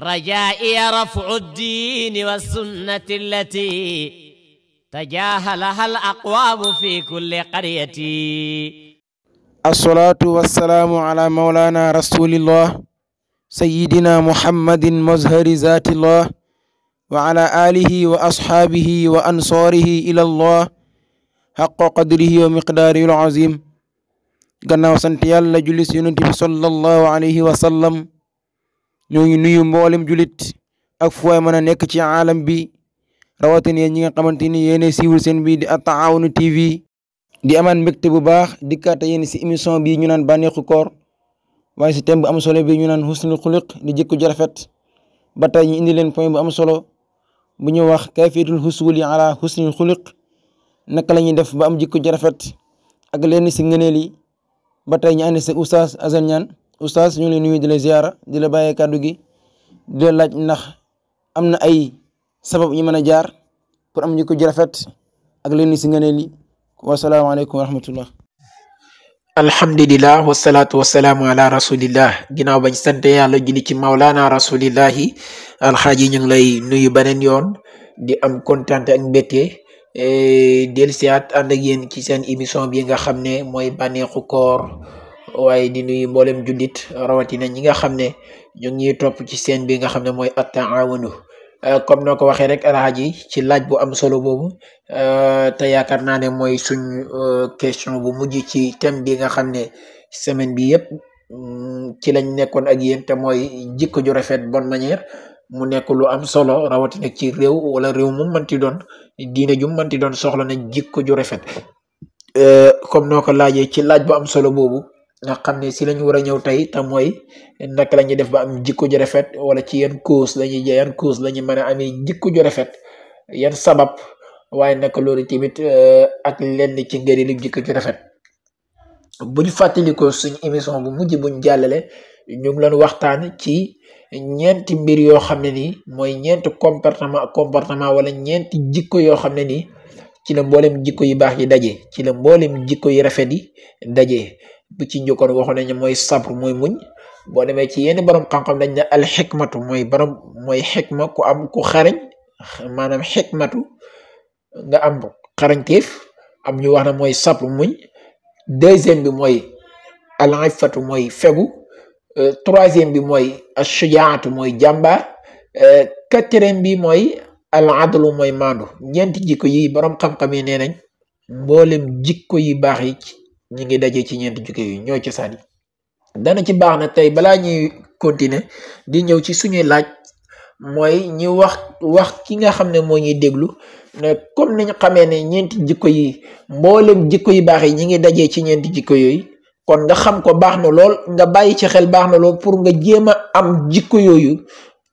رجائي رفع الدين والسنة التي تجاهلها الأقوام في كل قرية الصلاة والسلام على مولانا رسول الله سيدنا محمد مزهر ذات الله وعلى آله وأصحابه وأنصاره إلى الله حق قدره ومقداره العظيم قلنا sant yàlla julli صلى الله عليه وسلم ñoo ngi nuyu mboolem julit ak fu waay mën a nekk ci aalam bi rawatina yéen ñi nga xamante ni yéenay siiwul seen bi di At-Tahawun TV di amaan mbégte bu baax dikkaate yéen si émission bi ñu naan bànneexu koor waaye si thème bu am solo bi ñu naan husnul xuluq di jikko ju rafet ba tey ñu indi leen point bu am solo bu ñu wax kayfiyatul husuuli ala husnul xuluq naka la ñuy def ba am jikko ju rafet ak leen si ngëneel yi ba tey ñu ànd si Oustaz Assane Niane oustaz ñu ngi lay nuyu di la ziara di la bàyyee kàddu laaj ndax am na ay sabab ñu mën a jaar pour am ñu ko ji ak leen si ngëneel yi wasalaamaaleykum wa rahmatullah alhamdulilah wasalaatu wasalaamu ala rasulillah ginnaaw bañ sant yàlla julli ci maulana rasulillahi alxaaji ñu ngi lay nuyu beneen yoon di am kontaan ak mbégte eh, dellusiwaat ànd ak yéen ci seen émission bi nga xam ne mooy bànneexu koor way di nuyu julit rawati na ñi nga xamne ñu ngi top ci seen bi nga xamne moy at-taawunu euh, comme noo waxe rek alhaji ci laaj bu am solo euh te yaakaar ne suñ euh, question bu mujj ci thème bi nga xamne semaine bi yëpp mm, ci lañ nekkon ak yeen te moy jikko ju rafet bonne manière mu nekk lu am solo rawatina ci rew wala rew mu manti doon diine ju manti doon soxla na jikko ju rafet euh, comme noko laaje ci laaj bu am solo bobu nga xamne ci lañu wara ñew tay ta moy nak lañu def ba am jikko ju rafet wala ci yeen cause lañuy yeen course lañu mëna amé jikko ju rafet yeen sabab waye nak lori timit eh, ak lenn ci ngeeri lu jikko ju rafet buñ ko suñu émission bu mujj buñ jallalé ñu ngi lan waxtaan ci ñent mbir yo xamné ni moy ñent comportement comportement wala ñent jikko yo xamné ni ci la mbolem jikko yu bax yi daje ci la mbolem jikko yu rafet yi daje bu ci njëkkoon waxoon nañ mooy sabr mooy muñ boo demee ci yenn borom xam-xam dañ ne al xikmatu mooy borom mooy xikma ku am ku xarañ maanaam xikmatu nga am xarañteef am ñu wax na mooy sabr muñ deuxième bi mooy al mooy fegu euh, troisième bi mooy ashujaatu mooy jàmbaar euh, quatrième bi mooy al adlu mooy maandu ñeenti jikko yi borom xam-xam yi nee nañ mboolem jikko yi baax yi. ñu ngi daje ci ñeenti jukki yu ñooy cosaan yi dana ci baax na tey balaa ñuy continuer di ñëw ci suñuy laaj mooy ñi wax wax ki nga xam ne moo ñuy déglu ne comme niñ xamee ne ñeenti jikko yi mboolem jikko yu baax yi ñi ngi dajee ci ñeenti jikko yooyu kon nga xam ko baax na lool nga bàyyi ci xel baax na lool pour nga jéem a am jikko yooyu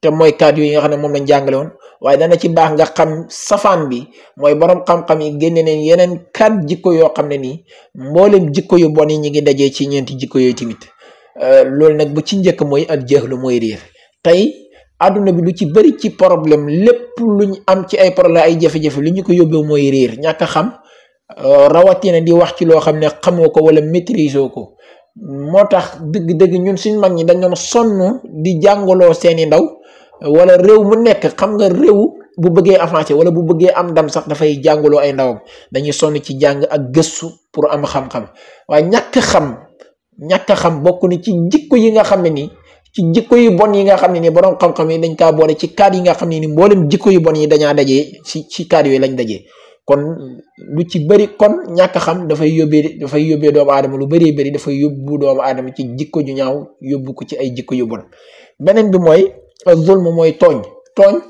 te mooy kàddu yi nga xam ne moom lañ jàngale woon waaye dana ci baax nga xam safaan bi mooy borom xam-xam yi génne neen yeneen kat jikko yoo xam ne nii mboolem jikko yu bon yi ñu ngi dajee ci ñeenti jikko yooyu tamit euh, loolu nag bu ci njëkk mooy ak jeexlu mooy réer tey àdduna bi lu ci bëri ci problème lépp luñ am ci ay problème ay jafe li ñu ko yóbbee mooy réer ñàkk a xam euh, rawatina di wax ci loo xam ne xamoo ko wala maîtriser ko moo tax dëgg-dëgg ñun suñ mag ñi dañ sonn di jàngaloo seeni ndaw wala réew mu nekk xam nga réew bu bëggee avancé wala bu bëggee am ndam sax dafay jàngaloo ay ndawam dañuy sonn ci jàng ak gëstu pour am xam-xam waaye ñàkk xam ñàkk xam bokk ni ci jikko yi nga xam ne nii ci jikko yu bon yi nga xam ne nii borom xam yi dañ kaa boole ci kaat yi nga xam ne nii mboolem jikko yu bon yi dañaa dajee ci ci kaat yooyu lañ dajee kon lu ci bëri kon ñàkk xam dafay yóbbee dafay yóbbee doomu aadama lu bëree bëri dafay yóbbu doomu aadama ci jikko ju ñaaw yóbbu ko ci ay jikko yu bon beneen bi mooy zulm moy togn togn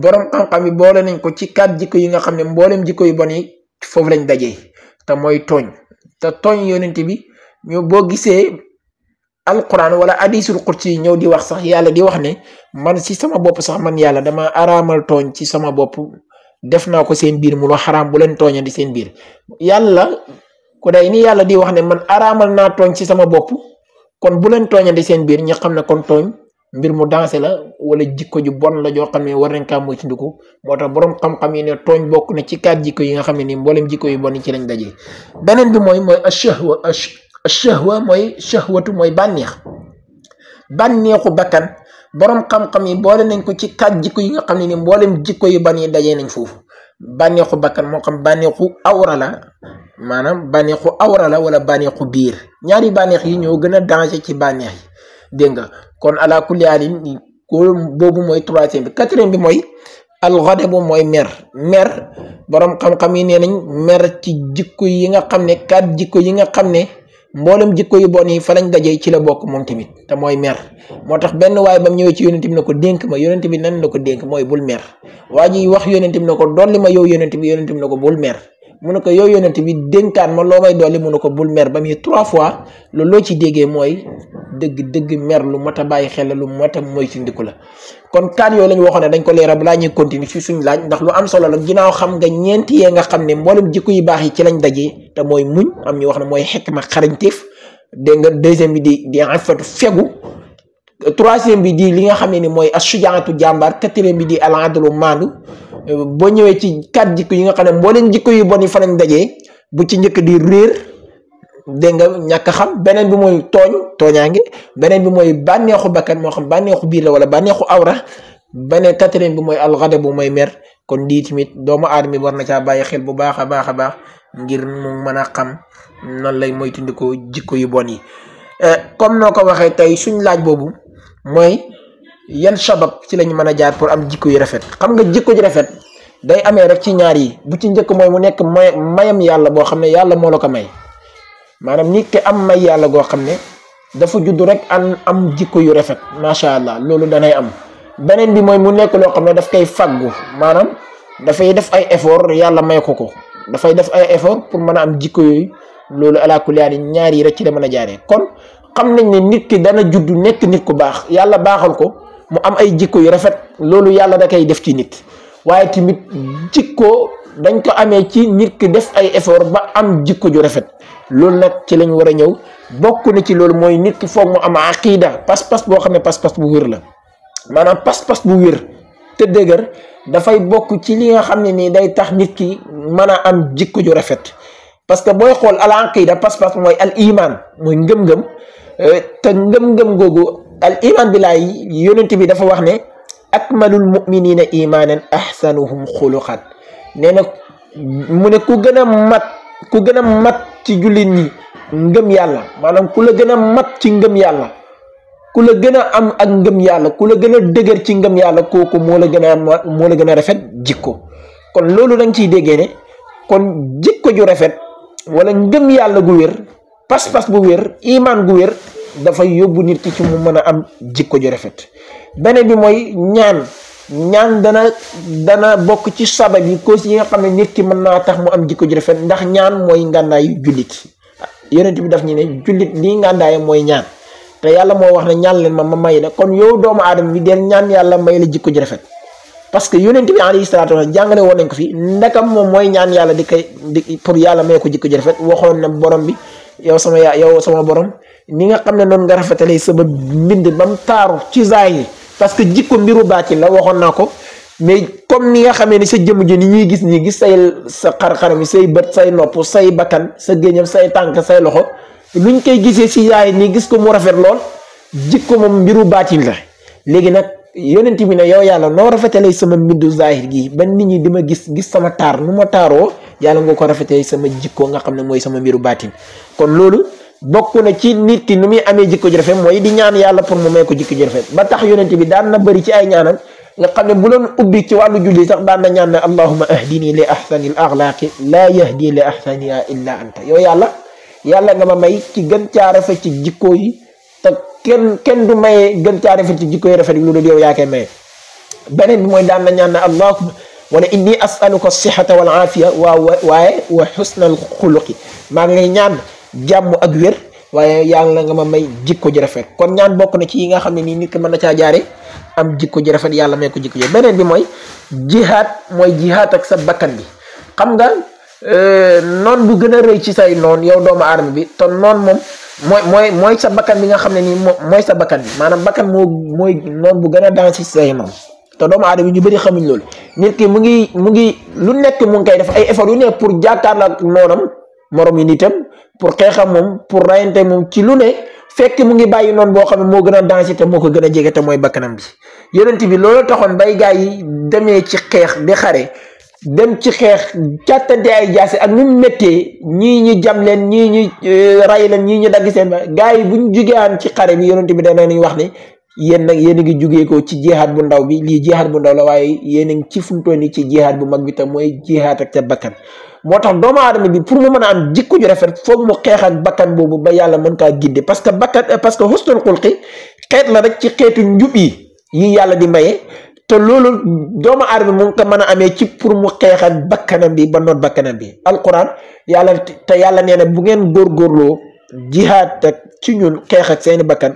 borom xam-xam boole nañ ko ci kat jikko yi nga xamne mbolem jikko yu boni fofu lañ dajé ta moy togn ta togn yonent bi ñu bo gisé alquran wala hadithul qudsi ñew di wax sax yalla di wax ne man ci sama bop sax man yalla dama aramal togn ci sama bop def na ko seen bir mu lo haram bu len di seen bir yalla ko day ni yalla di wax ne man aramal na togn ci sama bop kon bu len di seen bir ñi xamne kon togn mbir mu dansé la wala jikko ju bon la joo xam ne war nañ kaa moytandiku moo tax borom xam-xam yi ne tooñ bokk na ci kaat jikko yi nga xam ne nii mboolem jikko yu bon ci lañ daje beneen bi mooy mooy ashahwa ashahwa mooy shahwatu mooy bànneex bànneexu bakkan borom xam yi boole nañ ko ci kaat jikko yi nga xam jikko yu bon yi dajee nañ foofu bànneexu bakkan moo xam bànneexu awra la maanaam bànneexu awra la wala bànneexu biir ñaari bànneex yi ñoo gën a danger ci bànneex yi dégg nga kon ala kulli haalin boobu mooy troisième bi quatrième bi mooy alxadabu mooy mer mer boroom xam-xam yi nee nañ mer ci jikko yi nga xam ne kat jikko yi nga xam ne mboolem jikko yu bon yi fa lañ dajee ci la bokk moom tamit te mooy mer moo tax benn waaye ba mu ñëwee ci yonent bi na ko dénk ma yonent bi nan na ko dénk mooy bul mer waa ji wax yonent bi na ko dolli ma yow yonent bi yonent bi na ko bul mer mu ne ko yow yonent bi dénkaan ma loo may dolli mu ne ko bul meer ba muy trois fois loolu loo ci déggee mooy dëgg-dëgg mer lu mat a bàyyi xel lu mat a moytandiku la kon kaan yooyu la waxoon ne dañ ko leeral balaa ñuy continuer ci suñ laaj ndax lu am solo la ginnaaw xam nga ñeenti yee nga xam ne mboolem jikko yu baax yi ci lañ dajee te mooy muñ am ñu wax ne bi di di en fait fegu troisième bi di li nga xam ne ni mooy asujaatu jàmbaar quatrième bi di alaadalu maandu boo ñëwee ci quatre jikko yi nga xam ne mboolem jikko yu bon yi fa lañ dajee bu ci njëkk di réer de nga ñak xam benen bi moy tooñ toñangi benen bi moy banexu bakkan mo xam banexu biir la wala banexu awra beneen quatrième bi moy al ghadab moy mer kon lii tamit doomu aadama war na ca baye xel bu baakha baakha baax ngir mu meuna xam nan lay tindiko jikko yu bon yi eh, comme noko waxe tay suñ laaj bobu moy yeen sabab ci lañu meuna jaar pour am jikko yu rafet xam nga jikko ju rafet day amé rek ci ñaar yi bu ci ñëk moy mu nekk mayam yalla bo xamné yalla mo may maanaam nit ki am may yàlla goo xam ne dafa juddu rek an am jikko yu rafet macha allah loolu danay am beneen bi mooy mu nekk loo xam ne daf koy fàggu maanaam dafay def ay effort yàlla may ko ko dafay def ay effort pour mën a am jikko yooyu loolu ala kulli ñaar yi rek ci la a jaaree kon xam nañ ne nit ki dana judd nekk nit ku baax yàlla baaxal ko mu am ay jikko yu rafet loolu yàlla da koy def ci nit waaye tamit jikko dañ ko amee ci nit ki def ay effort ba am jikko ju rafet loolu nag ci lañ war a ñëw bokk na ci loolu mooy nit ki foog mu am aqida pas-pas boo xam ne pas-pas bu wér la maanaam pas-pas bu wér te dëgër dafay bokk ci li nga xam ne nii day tax nit ki mën a am jikko ju rafet parce que booy xool al aqida pas-pas mooy al imaan mooy ngëm-ngëm euh, te ngëm-ngëm googu al iman bi laay yonent bi dafa wax ne akmalul muminina imanan ahsanuhum xuluqan nee nag mu ne ku gën a mat ku gën a mat ci jullit ñi ngëm yàlla maanaam ku la gën a mat ci ngëm yàlla ku la gën a am ak ngëm yàlla ku la gën a dëgër ci ngëm yàlla kooku moo la gën a am moo la gën a rafet jikko kon loolu dañ ciy déggee ne kon jikko ju rafet wala ngëm yàlla gu wér pas-pas gu wér imaan gu wér dafay yóbbu nit ki ci mu mën a am jikko ju rafet beneen bi mooy ñaan ñaan dana dana bokk ci sabab yi cause yi nga xam ne nit ki mën naa tax mu am jikko ju rafet ndax ñaan mooy ngàndaayu jullit yonent bi daf ñu ne jullit lii ngàndaay mooy ñaan te yàlla moo wax ne ñaan leen ma ma may la kon yow doomu aadama bi deel ñaan yàlla may la jikko ju rafet parce que yonent bi alayhi salaatu wa jàngale woon nañ ko fi ndakam moom mooy ñaan yàlla di koy di pour yàlla may ko jikko ju rafet waxoon na borom bi yow sama yow sama borom ni nga xam ne noonu nga sa sama mbind ba mu taaru ci zaahir parce que jikko mbiru baatin la waxoon naa ko mais comme ni nga xamee ne sa jëmm ji ni ñuy gis ni gis say sa xar-xaram yi say bët say nopp say bakkan sa géñam say tànk say loxo luñ koy gisee si yaay ni gis ko mu rafet lool jikko moom mbiru baatin la léegi nag yonent bi ne yow yàlla noo rafetalee sama mbindu zahir gi ba nit ñi di ma gis gis sama taar nu ma taaroo yàlla ngoo ko rafetalee sama jikko nga xam ne mooy sama mbiru baatin kon loolu bokku na ci nit ki nu amé jikko jërfé moy di ñaan yalla pour mu may ko jikko jërfé ba tax yonent bi daan na bari ci ay ñaanal nga xamné bu doon ubbi ci walu julli sax daan na ñaan na allahumma ahdini li ahsani al akhlaq la yahdi li ahsani illa anta yo yalla yalla nga ma may ci gën ci rafa ci jikko yi ta kenn kenn du may gën ci rafa ci jikko yi rafa lu do yow ya kay may benen bi mooy daan na ñaan na allahuma wala inni asaluka as-sihhata wal afiya wa wa husnal khuluqi ma ngay ñaan jàmm ak wér waye yalla nga ma may jikko ji rafet kon ñaan bokku na ci yi nga xamni ni nit ki mëna ca am jikko ji rafet yalla may ko jikko ji benen bi moy jihad moy jihad ak sa bakkan bi xam nga euh, noon bu gën a rëy ci say non yow doomu arme bi te non mom moy moy moy sa bakkan bi nga xamni ni moy sa bakkan bi maanaam bakkan mo moy non bu gëna dans ci say noon te doomu arme bi ñu bari xamuñ lool nit ki mu ngi mu ngi lu nekk mu ngi def ay effort yu nekk pour jaakar nonam morom yi nitam pour xeexam moom pour rayante moom ci lu ne fekk mu ngi bàyyi noonu boo xam ne moo gën a danger te moo ko gën a jege te mooy bakkanam bi yonent bi loolu taxoon bay gaa yi demee ci xeex di xare dem ci xeex càttante ay jaase ak nu méttee ñii ñi jam leen ñii ñi euh, ray leen ñii ñi dagg seen ba gaa yi buñ jugeyaan ci xare bi yonent bi danañ wax ne yéen nag yéen a ngi jugee ko ci jihaad bu ndaw bi lii jihaad bu ndaw la waaye yéen a ngi ci funtoon yi ci jeexaat bu mag bi mooy jihaad ak bakkan moo tax doomu aadama bi pour mu mën a am jikko ju rafet foog mu xeex ak bakkan boobu ba yàlla mën kaa gidde parce que bakkan euh, parce que husnul xulqi xeet la rek ci xeetu njub yi yi yàlla di maye te loolu doomu aadama mu ngi ko mën a amee ci pour mu xeex ak bi bannoon noot bi alquran yàlla te yàlla nee na bu ngeen góorgóorloo jihaad ak ci ñun xeex seeni bakkan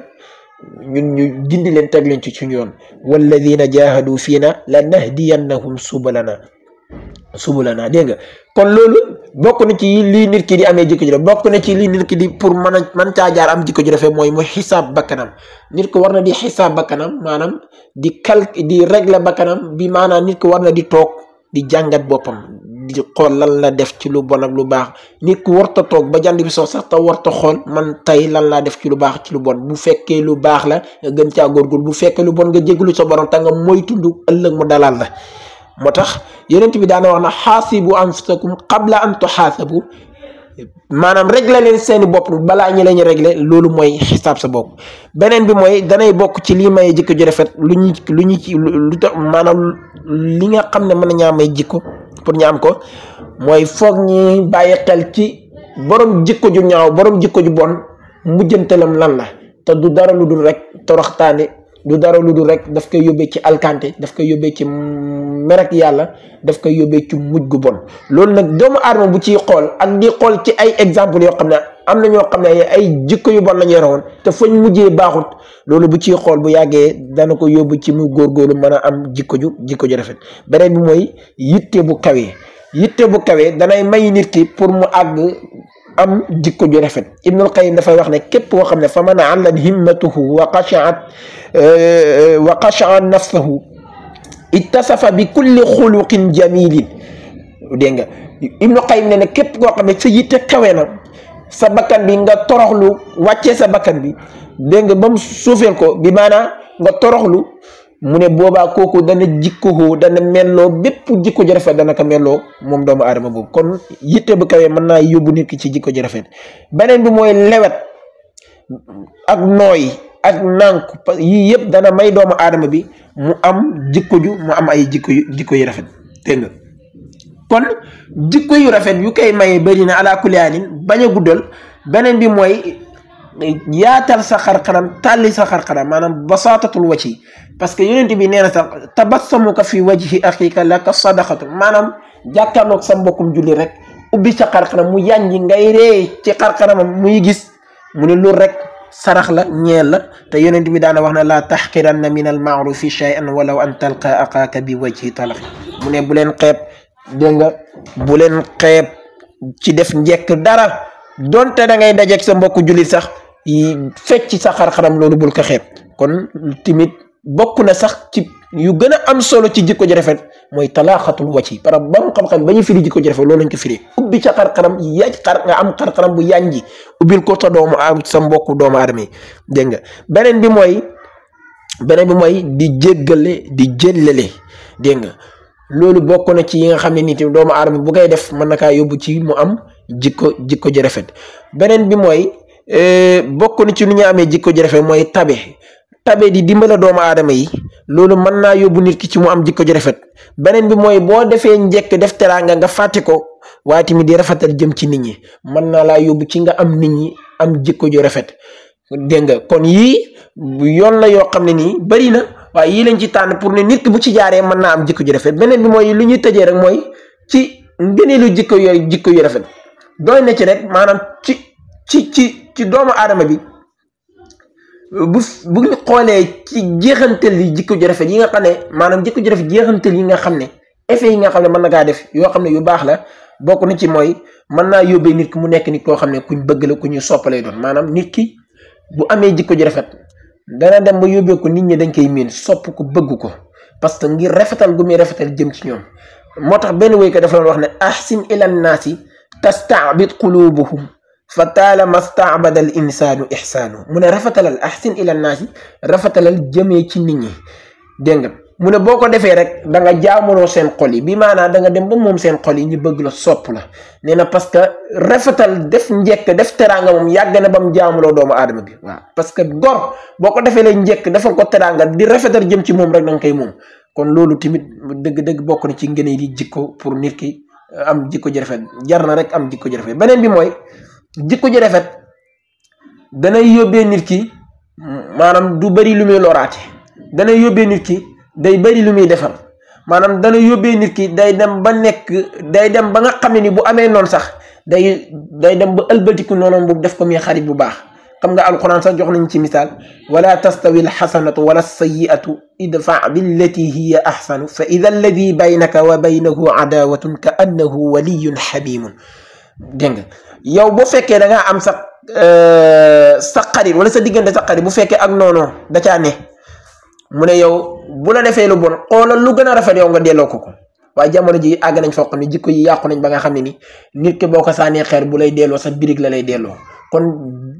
ñun ñu gindi leen teg leen ci ci ñoon walladina jahadu fiina la nahdiyannahum subalana la naa dégg nga kon loolu bokk na ci lii nit ki di amee jikko ju rafet bokk na ci lii nit ki di pour mën a mën caa jaar am jikko ju rafet mooy mu xisaab bakkanam nit ko war na di xisaab bakkanam maanaam di kal di régler bakkanam bi maanaam nit ko war na di toog di jàngat boppam di lan la def ci lu bon lu baax nit ku warta toog ba jant bi soo sax te warta xool man tey lan laa def ci lu baax ci lu bon bu fekkee lu baax la nga gën caa góorgóorlu bu fekkee lu bon nga jéglu sa borom te nga moytu ëllëg mu dalal la moo tax yonent bi daana wax na bu am xaasibu anfusakum qabla an bu maanaam régler leen seeni bopp balaa ñi lañu régler loolu mooy xisaab sa bopp beneen bi mooy danay bokk ci lii may jikko ju rafet lu ñu lu ñu ci lu to maanaam li nga xam ne mën nañaa may jikko pour ñaam ko mooy foog ñi bàyyi xel ci borom jikko ju ñaaw borom jikko ju bon mujjantalam lan la te du dara lu dul rek toroxtaane du dara lu dul rek daf koy yóbbee ci alkante daf koy yóbbee ci merek yàlla daf koy yóbbee ci mujj gu bon loolu nag doomu aadama bu ciy xool ak di xool ci ay exemple yoo xam ne am na ñoo xam ne ay jikko yu bon la ñu woon te fañ mujjee baaxut loolu bu ciy xool bu yàggee dana ko yóbbu ci mu góor góorgóorlu mën a am jikko ju jikko ju rafet beneen bi mooy yitte bu kawee yitte bu kawee danay may nit ki pour mu àgg am jikko ju rafet ibnul qayyim dafay wax ne képp koo xam ne fa man allan himmatuhu wa qashaat euh, wa qashaa nafsahu ittasafa bi kulli xuluqin jamilin dégg nga ibnu qayyim ne ne képp koo xam ne sa yitte kawe na sa bakkan bi nga toroxlu wàccee sa bakkan bi dégg nga ba mu suufeel ko bi maanaa nga toroxlu mu ne boobaa kooku dana jikkohoo dana melloo bépp jikko ji rafet dana ko melloo moom doomu aadama boobu kon yitte bu kawee mën naa yóbbu nekk ci jikko ju rafet beneen bi mooy lewet ak nooy ak nànk yii yëpp dana may doomu aadama bi mu am jikko ju mu am ay jikko jikko yu rafet dégg kon jikko yu rafet yu koy maye bëri na alaa kulli bañ a guddal beneen bi mooy yaatal sa xar kanam tàlli sa xar kanam maanaam basaatatul Pas parce que yonent bi nee na sax tabassamuka fi wajhi axika laka sadaxatu maanaam jàkkaarloog sa mbokkum julli rek ubbi sa xar kanam mu yànji ngay ree ci xar muy gis mu ne lu rek sarax la ñeel la te yonent bi daana wax na laa na min al maarufi walaw an talqa aqaaka bi wajhi talax mu ne bu leen xeeb dégg nga bu leen xeeb ci def njekk dara donte da ngay dajeeg sa mbokk sax fecc sa xar-xaram loolu bul ko xeeb kon timit bokk na sax ci yu gën a am solo ci jikko ji rafet mooy talaaxatul wacci par borom xam-xam ba ñu firi jikko ji rafet loolu lañ ko firi ubbi sa xar-xaram yaaj xar nga am xar-xaram bu yànji ubbil ko sa doomu a sa mbokku doomu armée dégg nga beneen bi mooy beneen bi mooy di jéggale di jëllale dégg nga loolu bokk na ci yi nga xam ne nit doomu aadama bu koy def mën na kaa yóbbu ci mu am jikko jikko ji rafet beneen bi mooy Eh, bokk na ci nu ñu amee jikko ji rafet mooy tabe tabe di dimbala doomu aadama yi loolu mën naa yóbbu nit ki ci mu am jikko ji rafet beneen bi mooy boo defee njëkk def teraanga nga fàtte ko waaye tamit di rafetal jëm ci nit ñi mën naa laa yóbbu ci nga am nit ñi am jikko ju rafet dégg kon yii yoon la yoo xam ne nii bari na waaye yii lañ ci tànn pour ne nit bu ci jaaree mën naa am jikko ju rafet beneen bi mooy lu ñuy tëjee rek mooy ci ngëneelu jikko yooyu jikko yu rafet doy na ci rek maanaam ci ci ci. ci doomu aadama bi bu bu xoolee ci jeexantal yi jikko ju rafet yi nga xam ne maanaam jikko ju rafet jeexantal yi nga xam ne effet yi nga xam ne mën na kaa def yoo xam ne yu baax la bokk na ci mooy mën naa yóbbee nit ki mu nekk nit koo xam ne kuñ bëgg la ku ñu soppalee doon maanaam nit ki bu amee jikko ji rafet dana dem ba yóbbee ko nit ñi dañ koy miin sopp ko bëgg ko parce que ngir rafetal gu muy rafetal jëm ci ñoom moo tax benn woykat dafa doon wax ne si ilan naasi tastaabit qulubuhum fa taala mastaabada al insaanu ixsaanu mu ne rafetalal ahsin ila naasi rafetalal jëmee ci nit ñi dégg mu ne boo ko defee rek da nga jaamonoo seen xol yi bi maanaam da nga dem ba moom seen xol yi ñu bëgg la sopp la nee na parce que rafetal def njekk def teraanga moom yàgg na ba mu jaamuloo doomu aadama bi waaw parce que gor boo ko defee leen njëkk dafa ko teraanga di rafetal jëm ci moom rek da nga koy moom kon loolu tamit dëgg-dëgg bokk na ci ngëneel yi jikko pour nit ki am jikko ji rafet jar na rek am jikko ji beneen bi mooy jikko ji rafet danay yóbbee nit ki manam du bari lu muy loraate danay yóbbee nit ki day bari lu muy defal maanaam dana yóbbee nit ki day dem ba nek day dem ba nga xamni bu amé non sax day day dem ba albatiku noonu bu def ko mi xarit bu baax xam nga alquran sax jox nañ ci misal wala tastawi alhasanatu wala sayiatu idfa billati hiya axsanu fa idha alladhi baynaka wa baynahu adawatun ka annahu waliyun xamimun dégg nga yow bu fekkee da am sa euh, sa xarit wala sa diggante sa xarit bu fekkee ak noonu da caa ne mu ne yow bu la defee lu bon xoolal lu gën a rafet yow nga delloo ko ko waaye jamono ji àgg nañ foo ni ne jikko yi yàqu nañ ba nga xam ne ni nit ki boo ko xeer bu lay delloo sa birig la lay delloo kon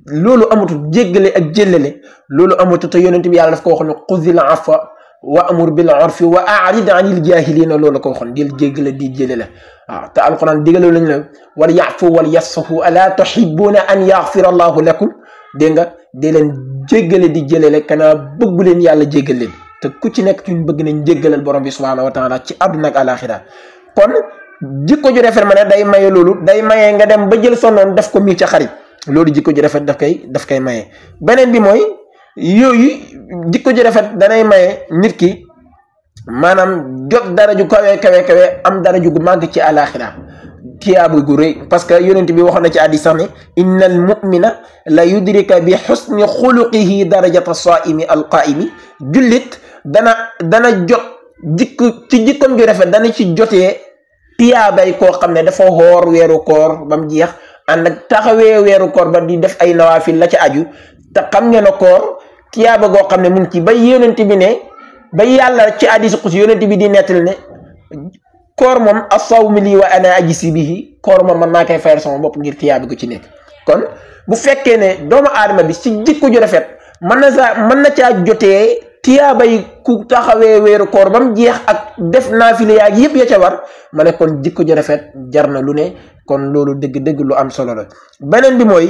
loolu amatul le ak jéllale loolu amatul te yonent bi yàlla daf ko wax ne xuzil afa وأمر بالعرف وأعرض عن الجاهلين لولا كون خون ديال جيغلا دي جيل آه تا القران ديغلو لن وليعفو وليصفوا ألا تحبون أن يغفر الله لكم دينغا ديلن جيغلا دي جيل لا كنا بغ يالا جيغل لين تا كوتي نيك تون بغ نين جيغلال بروم بي سبحانه وتعالى تي ادنا ak alakhirah kon jikko ju refer mané day maye lolu day maye nga dem ba jël sonon daf ko mi ci xarit lolu jikko ju refer daf kay daf kay maye benen bi moy yooyu jikko ji rafet danay maye nit ki maanaam jot dara ju kawe kawe kawe am dara ju gu màgg ci àlaaxira tiyaabu gu rëy parce que yonent bi wax na ci àddi sax ne inna al mumina la yudrika bi xusni xuluqihi darajata al alqaimi jullit dana dana jot jikk ci jikkam ju rafet dana ci jotee tiyaabay koo xam ne dafa xoor weeru koor ba mu jeex ànd ak taxawee weeru koor ba di def ay nawaafil la ci aju te xam ngeen ne koor tiyaaba goo xam ne mu ngi ci ba yonent bi ne ba yàlla ci hadiis xus yonent bi di nettal ne koor moom as-sawmu lii wa ana ajzi bihi koor moom man maa koy fayal sama bopp ngir tiyaaba gu ci nekk kon bu fekkee ne doomu aadama bi si jikko ju rafet mën na saa mën na caa jotee tiyaaba yi ku taxawee weeru koor ba mu jeex ak def naafile yaa gi yëpp ya ca war ma ne kon jikko ju rafet jar na lu ne kon loolu dëgg-dëgg lu am solo la beneen bi mooy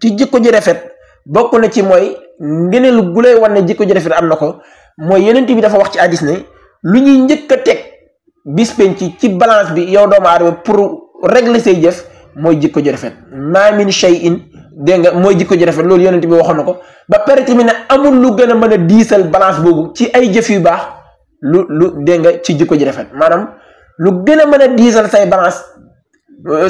ci jikko ju rafet bokk na ci mooy ngeneen lu gulay wan ne jikko ju rafet am na ko mooy yenent bi dafa wax ci hadis ne lu ñuy njëkk a teg bis penc ci balance bi yow doomu aadama pour régler say jëf mooy jikko ju rafet maa min shay'in dégg nga mooy jikko ju rafet loolu yonent bi waxoon ko ba pare tamit ne lu gën a mën a diisal balance boobu ci ay jëf yu baax lu lu dégg ci jikko ju rafet maanaam lu gën a mën a diisal say balance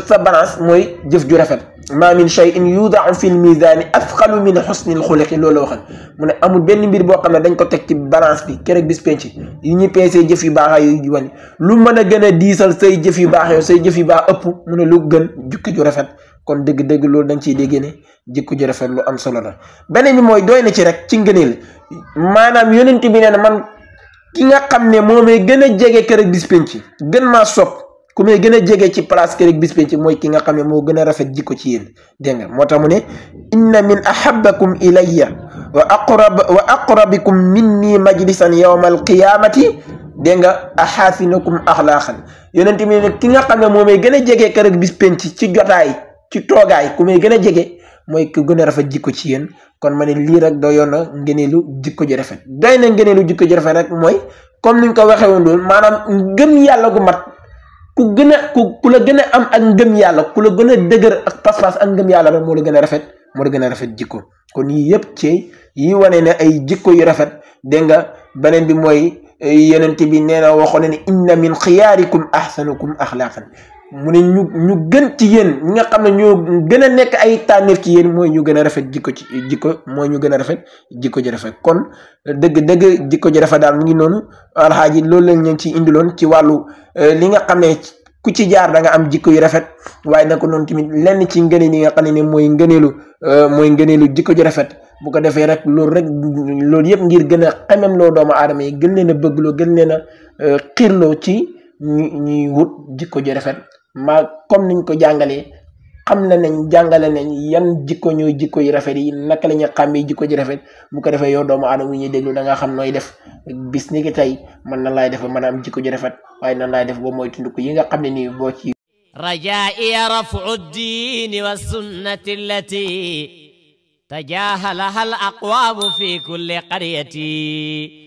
sa balance mooy jëf ju rafet ma min shay'in yudaau fi l misaani afqalu min xusni l xuliqi loolu la waxal mu ne amul benn mbir boo xam ne dañ ko teg ci balance bi keroog bis penc yi ñu peesee jëf yu baax yu wane lu mën a gën a diisal say jëf yu baax yow say jëf yu baax ëpp mu ne lu gën jukki ju rafet kon dëgg-dëgg loolu dañ ciy déggee ne jikko ju rafet lu am solo la beneen bi mooy doy na ci rek ci ngëneel maanaam yeneen bi nee na man ki nga xam ne moomee gën a jege keroog bis penc gën maa sopp ku may gën a jege ci place kër bis penc mooy ki nga xam ne moo gën a rafet jikko ci yéen dégg nga moo tax mu ne inna min ahabakum ya wa aqrab wa aqrabikum minni majlisan yawma alqiyamati dégg nga axaasinakum axlaaqan yonent mi ne ki nga xam ne moo may gën a jege kër bis penc ci jotaay ci toogaay ku may gën a jege mooy ku gën a rafet jikko ci yéen kon ma ne lii rek doyoon na ngëneelu jikko ji rafet doy na ngëneelu jikko ji rafet rek mooy comme niñ ko waxee woon doon maanaam ngëm yàlla gu mat ku gën a ku ku la gën a am ak ngëm yàlla ku la gën a dëgër ak pas-pas ak ngëm yàlla rek moo la gën a rafet moo la gën a rafet jikko kon yii yëpp ci yi wane ne ay jikko yu rafet dégg nga beneen bi mooy yenent bi nee na waxoon ne inna min xiyaarikum ahsanukum axlaaqan mu ne ñu ñu gën ci yéen xam ne ñoo gën a nekk ay tànneef ci yéen mooy ñu gën a rafet jikko ci jikko mooy ñu gën a rafet jikko ji rafet kon dëgg-dëgg jikko ji rafet daal mu ngi noonu alxaaji loolu lañ leen ci indiloon ci wàllu euh, li nga xam ne ku ci jaar da nga am jikko yu rafet waaye nag noonu tamit lenn ci ngëneel yi nga xam ne ne mooy ngëneelu euh, mooy ngëneelu jikko ji rafet bu ko defee rek loolu rek loolu yëpp ngir gën a xemem loo doomu aadama yi gën leen a bëggloo gën leen a euh, xiirloo ci ñu ñuy wut jikko ju rafet mbaa comme niñ ko jàngale xam na nañ jàngale nañ yan jikko ñooy jikko yu rafet yi naka la ñuy xàmmee jikko ji rafet mu ko defee yow doomu aadama yi ñuy déglu da xam nooy def bis ni tey man nan laay def ba mën a am jikko ji rafet waaye nan laay def ba mooy tundu ko yi nga xam ne nii boo ci ya رجائي رفع الدين والسنة التي تجاهلها الأقوام في كل قرية